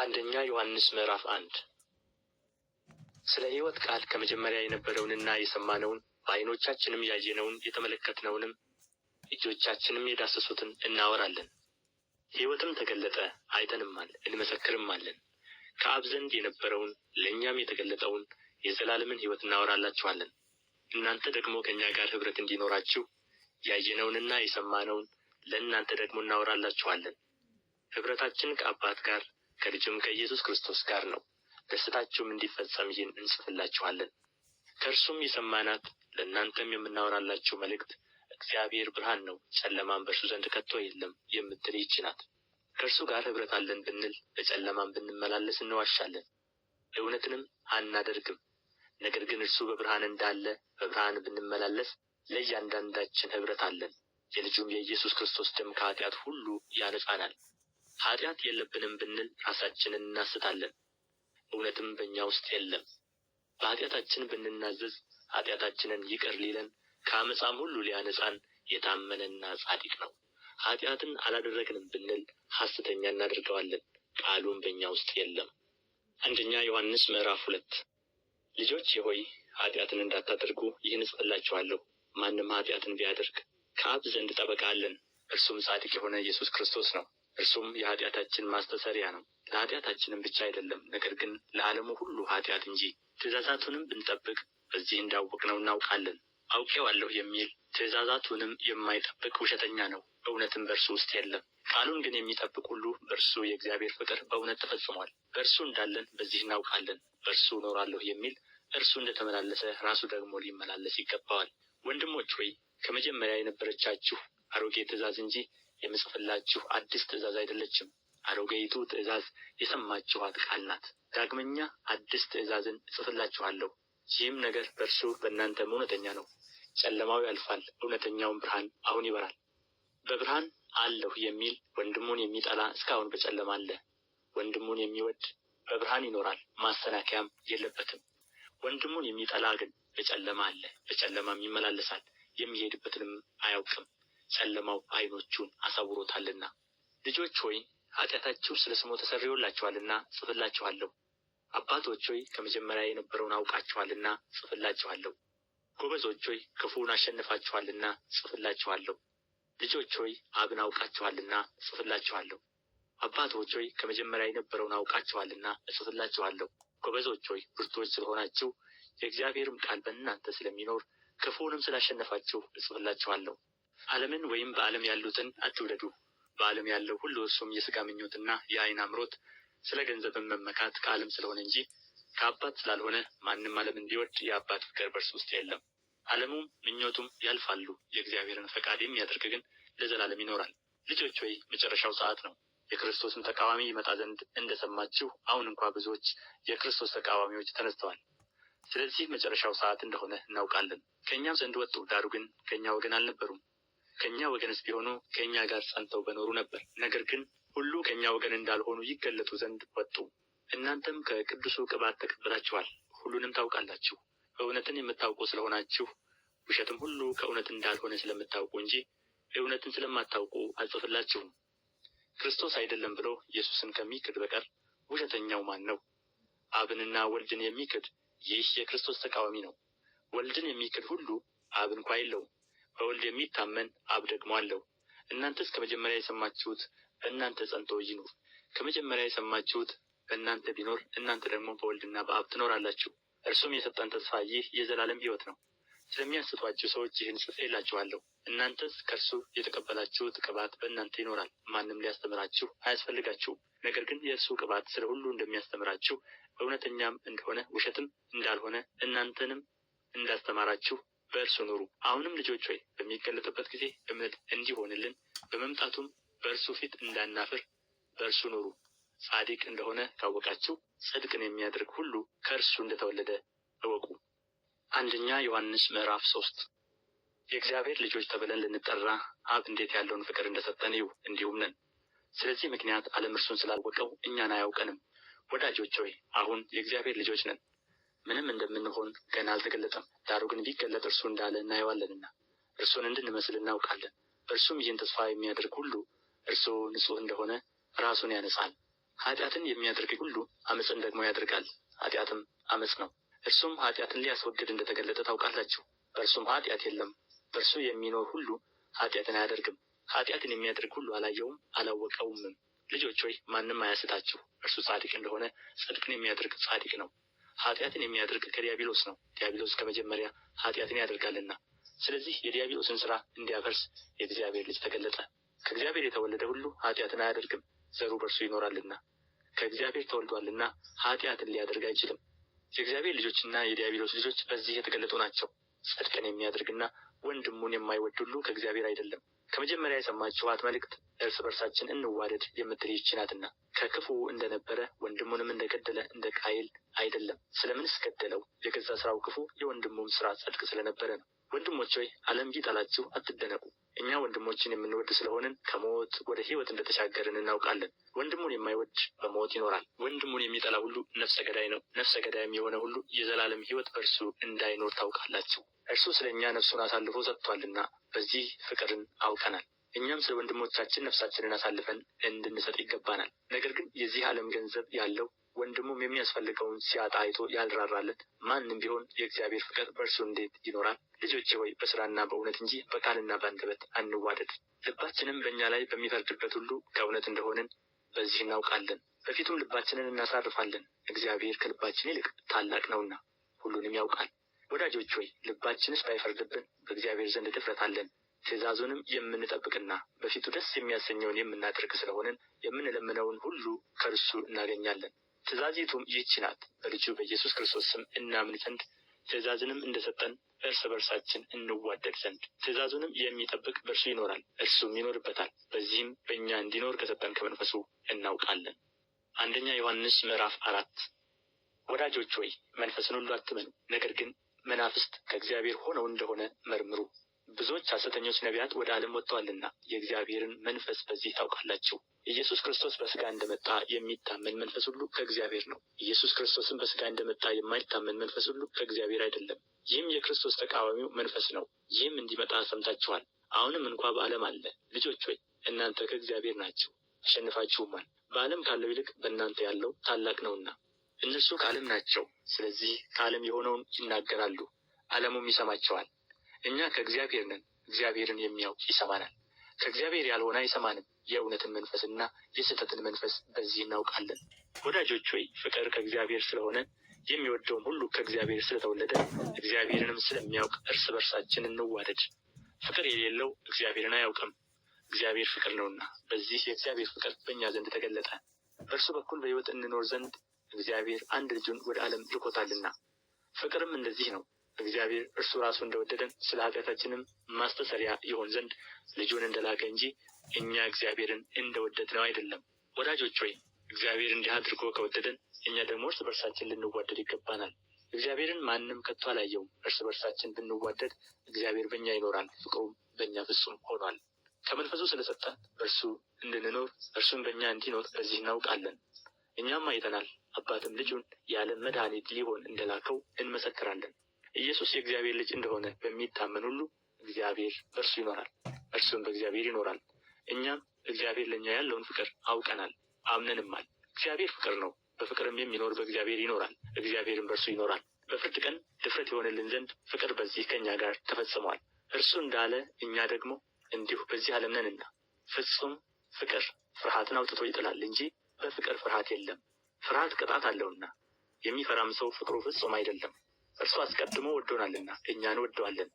አንደኛ ዮሐንስ ምዕራፍ አንድ ስለ ሕይወት ቃል ከመጀመሪያ የነበረውንና የሰማነውን በዓይኖቻችንም ያየነውን የተመለከትነውንም እጆቻችንም የዳሰሱትን እናወራለን። ሕይወትም ተገለጠ፣ አይተንማል፣ እንመሰክርማለን። ከአብ ዘንድ የነበረውን ለእኛም የተገለጠውን የዘላለምን ሕይወት እናወራላችኋለን። እናንተ ደግሞ ከእኛ ጋር ኅብረት እንዲኖራችሁ ያየነውንና የሰማነውን ለእናንተ ደግሞ እናወራላችኋለን። ኅብረታችን ከአባት ጋር ከልጁም ከኢየሱስ ክርስቶስ ጋር ነው። ደስታችሁም እንዲፈጸም ይህን እንጽፍላችኋለን። ከእርሱም የሰማናት ለእናንተም የምናወራላችሁ መልእክት እግዚአብሔር ብርሃን ነው፣ ጨለማም በእርሱ ዘንድ ከቶ የለም የምትል ይህች ናት። ከእርሱ ጋር ኅብረት አለን ብንል በጨለማም ብንመላለስ እንዋሻለን፣ እውነትንም አናደርግም። ነገር ግን እርሱ በብርሃን እንዳለ በብርሃን ብንመላለስ ለእያንዳንዳችን ኅብረት አለን። የልጁም የኢየሱስ ክርስቶስ ደም ከኃጢአት ሁሉ ያነጻናል። ኃጢአት የለብንም ብንል ራሳችንን እናስታለን፣ እውነትም በእኛ ውስጥ የለም። በኃጢአታችን ብንናዘዝ ኃጢአታችንን ይቅር ሊለን ከአመፃም ሁሉ ሊያነጻን የታመነና ጻድቅ ነው። ኃጢአትን አላደረግንም ብንል ሐሰተኛ እናደርገዋለን፣ ቃሉም በእኛ ውስጥ የለም። አንደኛ ዮሐንስ ምዕራፍ ሁለት ልጆች ሆይ ኃጢአትን እንዳታደርጉ ይህን እጽፍላችኋለሁ፣ ማንም ኃጢአትን ቢያደርግ ከአብ ዘንድ ጠበቃ አለን፣ እርሱም ጻድቅ የሆነ ኢየሱስ ክርስቶስ ነው። እርሱም የኃጢአታችን ማስተሰሪያ ነው። ለኃጢአታችንም ብቻ አይደለም፣ ነገር ግን ለዓለሙ ሁሉ ኃጢአት እንጂ። ትእዛዛቱንም ብንጠብቅ በዚህ እንዳወቅ ነው እናውቃለን። አውቄዋለሁ የሚል ትእዛዛቱንም የማይጠብቅ ውሸተኛ ነው፣ እውነትም በእርሱ ውስጥ የለም። ቃሉን ግን የሚጠብቅ ሁሉ በእርሱ የእግዚአብሔር ፍቅር በእውነት ተፈጽሟል። በእርሱ እንዳለን በዚህ እናውቃለን። በእርሱ እኖራለሁ የሚል እርሱ እንደተመላለሰ ራሱ ደግሞ ሊመላለስ ይገባዋል። ወንድሞች ሆይ ከመጀመሪያ የነበረቻችሁ አሮጌ ትእዛዝ እንጂ የምጽፍላችሁ አዲስ ትእዛዝ አይደለችም፣ አሮጌይቱ ትእዛዝ የሰማችኋት ቃል ናት። ዳግመኛ አዲስ ትእዛዝን እጽፍላችኋለሁ፣ ይህም ነገር በእርሱ በእናንተም እውነተኛ ነው። ጨለማው ያልፋል፣ እውነተኛውም ብርሃን አሁን ይበራል። በብርሃን አለሁ የሚል ወንድሙን የሚጠላ እስካሁን በጨለማ አለ። ወንድሙን የሚወድ በብርሃን ይኖራል፣ ማሰናከያም የለበትም። ወንድሙን የሚጠላ ግን በጨለማ አለ፣ በጨለማም ይመላለሳል፣ የሚሄድበትንም አያውቅም። ጨለማው ዓይኖቹን አሳውሮታልና። ልጆች ሆይ ኃጢአታችሁ ስለ ስሙ ተሰርዮላችኋልና ጽፍላችኋለሁ። አባቶች ሆይ ከመጀመሪያ የነበረውን አውቃችኋልና ጽፍላችኋለሁ። ጎበዞች ሆይ ክፉውን አሸንፋችኋልና ጽፍላችኋለሁ። ልጆች ሆይ አብን አውቃችኋልና ጽፍላችኋለሁ። አባቶች ሆይ ከመጀመሪያ የነበረውን አውቃችኋልና እጽፍላችኋለሁ። ጎበዞች ሆይ ብርቶች ስለሆናችሁ የእግዚአብሔርም ቃል በእናንተ ስለሚኖር ክፉውንም ስላሸነፋችሁ እጽፍላችኋለሁ። ዓለምን ወይም በዓለም ያሉትን አትውደዱ። በዓለም ያለው ሁሉ እርሱም የሥጋ ምኞትና የዓይን አምሮት፣ ስለ ገንዘብን መመካት ከዓለም ስለሆነ እንጂ ከአባት ስላልሆነ ማንም ዓለም እንዲወድ የአባት ፍቅር በእርሱ ውስጥ የለም። ዓለሙም ምኞቱም ያልፋሉ፣ የእግዚአብሔርን ፈቃድ የሚያደርግ ግን ለዘላለም ይኖራል። ልጆች ሆይ መጨረሻው ሰዓት ነው። የክርስቶስም ተቃዋሚ ይመጣ ዘንድ እንደሰማችሁ አሁን እንኳ ብዙዎች የክርስቶስ ተቃዋሚዎች ተነስተዋል። ስለዚህ መጨረሻው ሰዓት እንደሆነ እናውቃለን። ከእኛም ዘንድ ወጡ፣ ዳሩ ግን ከእኛ ወገን አልነበሩም። ከእኛ ወገንስ ቢሆኑ ከእኛ ጋር ጸንተው በኖሩ ነበር። ነገር ግን ሁሉ ከእኛ ወገን እንዳልሆኑ ይገለጡ ዘንድ ወጡ። እናንተም ከቅዱሱ ቅባት ተቀብላችኋል፣ ሁሉንም ታውቃላችሁ። እውነትን የምታውቁ ስለሆናችሁ ውሸትም ሁሉ ከእውነት እንዳልሆነ ስለምታውቁ እንጂ እውነትን ስለማታውቁ አልጽፍላችሁም። ክርስቶስ አይደለም ብሎ ኢየሱስን ከሚክድ በቀር ውሸተኛው ማን ነው? አብንና ወልድን የሚክድ ይህ የክርስቶስ ተቃዋሚ ነው። ወልድን የሚክድ ሁሉ አብ እንኳ የለውም። በወልድ የሚታመን አብ ደግሞ አለው። እናንተስ ከመጀመሪያ የሰማችሁት በእናንተ ጸንቶ ይኑር። ከመጀመሪያ የሰማችሁት በእናንተ ቢኖር እናንተ ደግሞ በወልድና በአብ ትኖራላችሁ። እርሱም የሰጠን ተስፋ ይህ የዘላለም ሕይወት ነው። ስለሚያስቷችሁ ሰዎች ይህን ጽፌላችኋለሁ። እናንተስ ከእርሱ የተቀበላችሁት ቅባት በእናንተ ይኖራል፣ ማንም ሊያስተምራችሁ አያስፈልጋችሁም። ነገር ግን የእርሱ ቅባት ስለ ሁሉ እንደሚያስተምራችሁ እውነተኛም እንደሆነ ውሸትም እንዳልሆነ እናንተንም እንዳስተማራችሁ በእርሱ ኑሩ። አሁንም ልጆች ሆይ በሚገለጥበት ጊዜ እምነት እንዲሆንልን በመምጣቱም በእርሱ ፊት እንዳናፍር በእርሱ ኑሩ። ጻድቅ እንደሆነ ካወቃችሁ ጽድቅን የሚያደርግ ሁሉ ከእርሱ እንደተወለደ እወቁ። አንደኛ ዮሐንስ ምዕራፍ ሶስት የእግዚአብሔር ልጆች ተብለን ልንጠራ አብ እንዴት ያለውን ፍቅር እንደሰጠን እዩ፣ እንዲሁም ነን። ስለዚህ ምክንያት ዓለም እርሱን ስላልወቀው እኛን አያውቀንም። ወዳጆች ሆይ አሁን የእግዚአብሔር ልጆች ነን፣ ምንም እንደምንሆን ገና አልተገለጠም። ዳሩ ግን ቢገለጥ እርሱ እንዳለ እናየዋለንና እርሱን እንድንመስል እናውቃለን። እርሱም ይህን ተስፋ የሚያደርግ ሁሉ እርሱ ንጹሕ እንደሆነ ራሱን ያነጻል። ኃጢአትን የሚያደርግ ሁሉ አመፅን ደግሞ ያደርጋል፣ ኃጢአትም አመፅ ነው። እርሱም ኃጢአትን ሊያስወግድ እንደተገለጠ ታውቃላችሁ። በእርሱም ኃጢአት የለም። በእርሱ የሚኖር ሁሉ ኃጢአትን አያደርግም። ኃጢአትን የሚያደርግ ሁሉ አላየውም አላወቀውምም። ልጆች ሆይ ማንም አያስታችሁ። እርሱ ጻድቅ እንደሆነ ጽድቅን የሚያደርግ ጻድቅ ነው። ኃጢአትን የሚያደርግ ከዲያብሎስ ነው። ዲያብሎስ ከመጀመሪያ ኃጢአትን ያደርጋልና፣ ስለዚህ የዲያብሎስን ስራ እንዲያፈርስ የእግዚአብሔር ልጅ ተገለጠ። ከእግዚአብሔር የተወለደ ሁሉ ኃጢአትን አያደርግም፣ ዘሩ በእርሱ ይኖራልና። ከእግዚአብሔር ተወልዷልና ኃጢአትን ሊያደርግ አይችልም። የእግዚአብሔር ልጆችና የዲያብሎስ ልጆች በዚህ የተገለጡ ናቸው። ጽድቅን የሚያደርግና ወንድሙን የማይወድ ሁሉ ከእግዚአብሔር አይደለም። ከመጀመሪያ የሰማችኋት መልእክት እርስ በርሳችን እንዋደድ የምትል ከክፉ እንደነበረ ወንድሙንም እንደገደለ እንደ ቃይል አይደለም። ስለምንስ ገደለው? የገዛ ስራው ክፉ፣ የወንድሙም ስራ ጸድቅ ስለነበረ ነው። ወንድሞች ሆይ ዓለም ቢጠላችሁ አትደነቁ። እኛ ወንድሞችን የምንወድ ስለሆንን ከሞት ወደ ሕይወት እንደተሻገርን እናውቃለን። ወንድሙን የማይወድ በሞት ይኖራል። ወንድሙን የሚጠላ ሁሉ ነፍሰ ገዳይ ነው። ነፍሰ ገዳይም የሆነ ሁሉ የዘላለም ሕይወት በእርሱ እንዳይኖር ታውቃላችሁ። እርሱ ስለ እኛ ነፍሱን አሳልፎ ሰጥቷልና፣ በዚህ ፍቅርን አውቀናል። እኛም ስለ ወንድሞቻችን ነፍሳችንን አሳልፈን እንድንሰጥ ይገባናል። ነገር ግን የዚህ ዓለም ገንዘብ ያለው ወንድሙም የሚያስፈልገውን ሲያጣ አይቶ ያልራራለት ማንም ቢሆን የእግዚአብሔር ፍቅር በእርሱ እንዴት ይኖራል? ልጆቼ ሆይ በስራና በእውነት እንጂ በቃልና በአንደበት አንዋደድ። ልባችንም በእኛ ላይ በሚፈርድበት ሁሉ ከእውነት እንደሆንን በዚህ እናውቃለን፣ በፊቱም ልባችንን እናሳርፋለን። እግዚአብሔር ከልባችን ይልቅ ታላቅ ነውና ሁሉንም ያውቃል። ወዳጆች ሆይ ልባችንስ ባይፈርድብን በእግዚአብሔር ዘንድ ድፍረት አለን ትእዛዙንም የምንጠብቅና በፊቱ ደስ የሚያሰኘውን የምናደርግ ስለሆንን የምንለምነውን ሁሉ ከእርሱ እናገኛለን። ትእዛዚቱም ይህች ናት፣ በልጁ በኢየሱስ ክርስቶስ ስም እናምን ዘንድ ትእዛዝንም እንደሰጠን እርስ በርሳችን እንዋደድ ዘንድ። ትእዛዙንም የሚጠብቅ በእርሱ ይኖራል፣ እርሱም ይኖርበታል። በዚህም በእኛ እንዲኖር ከሰጠን ከመንፈሱ እናውቃለን። አንደኛ ዮሐንስ ምዕራፍ አራት ወዳጆች ሆይ መንፈስን ሁሉ አትመኑ፣ ነገር ግን መናፍስት ከእግዚአብሔር ሆነው እንደሆነ መርምሩ ብዙዎች ሐሰተኞች ነቢያት ወደ ዓለም ወጥተዋልና የእግዚአብሔርን መንፈስ በዚህ ታውቃላችሁ። ኢየሱስ ክርስቶስ በስጋ እንደመጣ የሚታመን መንፈስ ሁሉ ከእግዚአብሔር ነው። ኢየሱስ ክርስቶስን በስጋ እንደመጣ የማይታመን መንፈስ ሁሉ ከእግዚአብሔር አይደለም። ይህም የክርስቶስ ተቃዋሚው መንፈስ ነው። ይህም እንዲመጣ ሰምታችኋል፣ አሁንም እንኳ በዓለም አለ። ልጆች ሆይ እናንተ ከእግዚአብሔር ናችሁ፣ አሸንፋችሁማል። በዓለም ካለው ይልቅ በእናንተ ያለው ታላቅ ነውና። እነርሱ ከዓለም ናቸው፣ ስለዚህ ከዓለም የሆነውን ይናገራሉ፣ ዓለሙም ይሰማቸዋል። እኛ ከእግዚአብሔር ነን፣ እግዚአብሔርን የሚያውቅ ይሰማናል። ከእግዚአብሔር ያልሆነ አይሰማንም። የእውነትን መንፈስና የስህተትን መንፈስ በዚህ እናውቃለን። ወዳጆች ሆይ ፍቅር ከእግዚአብሔር ስለሆነ የሚወደውም ሁሉ ከእግዚአብሔር ስለተወለደ እግዚአብሔርንም ስለሚያውቅ እርስ በርሳችን እንዋደድ። ፍቅር የሌለው እግዚአብሔርን አያውቅም፣ እግዚአብሔር ፍቅር ነውና። በዚህ የእግዚአብሔር ፍቅር በእኛ ዘንድ ተገለጠ፣ በእርሱ በኩል በሕይወት እንኖር ዘንድ እግዚአብሔር አንድ ልጁን ወደ ዓለም ልኮታልና። ፍቅርም እንደዚህ ነው እግዚአብሔር እርሱ ራሱ እንደወደደን ስለ ኃጢአታችንም ማስተሰሪያ ይሆን ዘንድ ልጁን እንደላከ እንጂ እኛ እግዚአብሔርን እንደወደድ ነው አይደለም። ወዳጆች ወይ እግዚአብሔር እንዲህ አድርጎ ከወደደን እኛ ደግሞ እርስ በርሳችን ልንዋደድ ይገባናል። እግዚአብሔርን ማንም ከቶ አላየውም። እርስ በርሳችን ብንዋደድ እግዚአብሔር በእኛ ይኖራል፣ ፍቅሩም በእኛ ፍጹም ሆኗል። ከመንፈሱ ስለሰጠን በእርሱ እንድንኖር እርሱም በእኛ እንዲኖር በዚህ እናውቃለን። እኛም አይተናል፣ አባትም ልጁን የዓለም መድኃኒት ሊሆን እንደላከው እንመሰክራለን። ኢየሱስ የእግዚአብሔር ልጅ እንደሆነ በሚታመን ሁሉ እግዚአብሔር በእርሱ ይኖራል፣ እርሱም በእግዚአብሔር ይኖራል። እኛም እግዚአብሔር ለእኛ ያለውን ፍቅር አውቀናል፣ አምነንማል። እግዚአብሔር ፍቅር ነው፣ በፍቅርም የሚኖር በእግዚአብሔር ይኖራል፣ እግዚአብሔርም በእርሱ ይኖራል። በፍርድ ቀን ድፍረት የሆነልን ዘንድ ፍቅር በዚህ ከእኛ ጋር ተፈጽሟል። እርሱ እንዳለ እኛ ደግሞ እንዲሁ በዚህ ዓለም ነንና፣ ፍጹም ፍቅር ፍርሃትን አውጥቶ ይጥላል እንጂ በፍቅር ፍርሃት የለም። ፍርሃት ቅጣት አለውና፣ የሚፈራም ሰው ፍቅሩ ፍጹም አይደለም። እርሱ አስቀድሞ ወዶናልና እኛን ወደዋለን።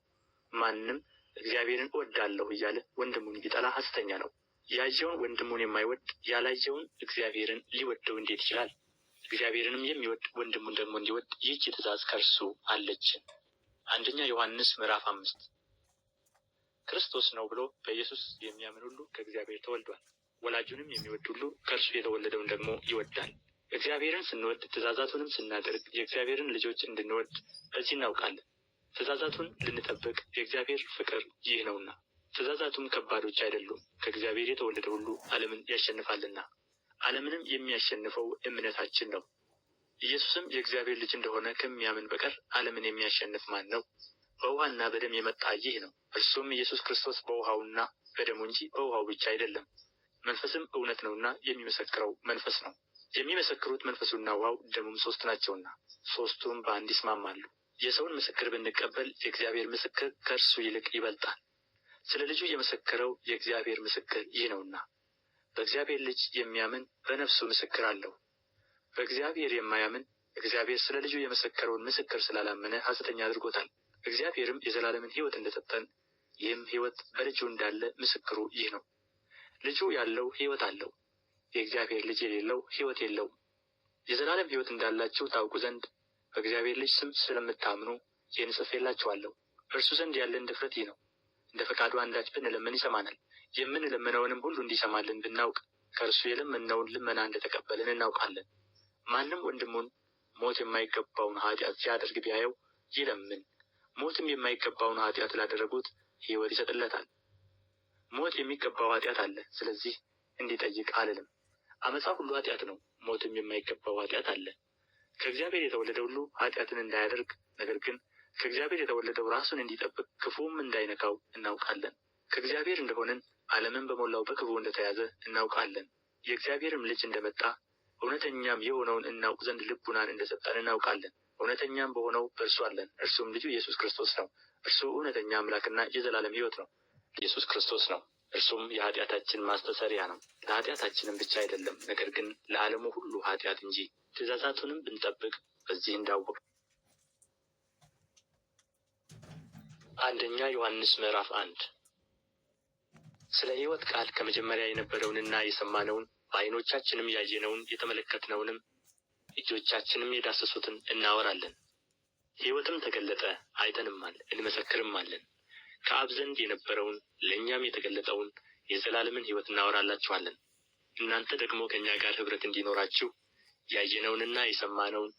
ማንም እግዚአብሔርን እወዳለሁ እያለ ወንድሙን ቢጠላ ሐሰተኛ ነው። ያየውን ወንድሙን የማይወድ ያላየውን እግዚአብሔርን ሊወደው እንዴት ይችላል? እግዚአብሔርንም የሚወድ ወንድሙን ደግሞ እንዲወድ ይህች ትእዛዝ ከእርሱ አለችን። አንደኛ ዮሐንስ ምዕራፍ አምስት ክርስቶስ ነው ብሎ በኢየሱስ የሚያምን ሁሉ ከእግዚአብሔር ተወልዷል። ወላጁንም የሚወድ ሁሉ ከእርሱ የተወለደውን ደግሞ ይወዳል። እግዚአብሔርን ስንወድ ትእዛዛቱንም ስናደርግ የእግዚአብሔርን ልጆች እንድንወድ በዚህ እናውቃለን። ትእዛዛቱን ልንጠብቅ የእግዚአብሔር ፍቅር ይህ ነውና፣ ትእዛዛቱም ከባዶች አይደሉም፣ ከእግዚአብሔር የተወለደ ሁሉ ዓለምን ያሸንፋልና። ዓለምንም የሚያሸንፈው እምነታችን ነው። ኢየሱስም የእግዚአብሔር ልጅ እንደሆነ ከሚያምን በቀር ዓለምን የሚያሸንፍ ማን ነው? በውሃና በደም የመጣ ይህ ነው፣ እርሱም ኢየሱስ ክርስቶስ በውሃውና በደሙ እንጂ በውሃው ብቻ አይደለም። መንፈስም እውነት ነውና የሚመሰክረው መንፈስ ነው። የሚመሰክሩት መንፈሱና ውሃው ደሙም ሶስት ናቸውና ሶስቱም በአንድ ይስማማሉ። የሰውን ምስክር ብንቀበል የእግዚአብሔር ምስክር ከእርሱ ይልቅ ይበልጣል። ስለ ልጁ የመሰከረው የእግዚአብሔር ምስክር ይህ ነውና በእግዚአብሔር ልጅ የሚያምን በነፍሱ ምስክር አለው። በእግዚአብሔር የማያምን እግዚአብሔር ስለ ልጁ የመሰከረውን ምስክር ስላላመነ ሐሰተኛ አድርጎታል። እግዚአብሔርም የዘላለምን ሕይወት እንደሰጠን ይህም ሕይወት በልጁ እንዳለ ምስክሩ ይህ ነው። ልጁ ያለው ሕይወት አለው። የእግዚአብሔር ልጅ የሌለው ሕይወት የለውም። የዘላለም ሕይወት እንዳላችሁ ታውቁ ዘንድ በእግዚአብሔር ልጅ ስም ስለምታምኑ ይህን ጽፌላችኋለሁ። እርሱ ዘንድ ያለን ድፍረት ይህ ነው፤ እንደ ፈቃዱ አንዳች ብንለምን ይሰማናል። የምንለምነውንም ሁሉ እንዲሰማልን ብናውቅ ከእርሱ የለመነውን ልመና እንደተቀበልን እናውቃለን። ማንም ወንድሙን ሞት የማይገባውን ኃጢአት ሲያደርግ ቢያየው ይለምን፣ ሞትም የማይገባውን ኃጢአት ላደረጉት ሕይወት ይሰጥለታል። ሞት የሚገባው ኃጢአት አለ፣ ስለዚህ እንዲጠይቅ አልልም። አመፃ ሁሉ ኃጢአት ነው፣ ሞትም የማይገባው ኃጢአት አለ። ከእግዚአብሔር የተወለደ ሁሉ ኃጢአትን እንዳያደርግ ነገር ግን ከእግዚአብሔር የተወለደው ራሱን እንዲጠብቅ ክፉም እንዳይነካው እናውቃለን። ከእግዚአብሔር እንደሆንን ዓለምን በሞላው በክፉ እንደተያዘ እናውቃለን። የእግዚአብሔርም ልጅ እንደመጣ እውነተኛም የሆነውን እናውቅ ዘንድ ልቡናን እንደሰጠን እናውቃለን። እውነተኛም በሆነው በእርሱ አለን፣ እርሱም ልጁ ኢየሱስ ክርስቶስ ነው። እርሱ እውነተኛ አምላክና የዘላለም ሕይወት ነው። ኢየሱስ ክርስቶስ ነው። እርሱም የኃጢአታችን ማስተሰሪያ ነው። ለኃጢአታችንም ብቻ አይደለም፣ ነገር ግን ለዓለሙ ሁሉ ኃጢአት እንጂ። ትእዛዛቱንም ብንጠብቅ በዚህ እንዳወቅ አንደኛ ዮሐንስ ምዕራፍ አንድ ስለ ሕይወት ቃል ከመጀመሪያ የነበረውንና የሰማነውን በዓይኖቻችንም ያየነውን የተመለከትነውንም እጆቻችንም የዳሰሱትን እናወራለን። ሕይወትም ተገለጠ አይተንማል እንመሰክርም አለን። ከአብ ዘንድ የነበረውን ለእኛም የተገለጠውን የዘላለምን ሕይወት እናወራላችኋለን። እናንተ ደግሞ ከእኛ ጋር ኅብረት እንዲኖራችሁ ያየነውንና የሰማነውን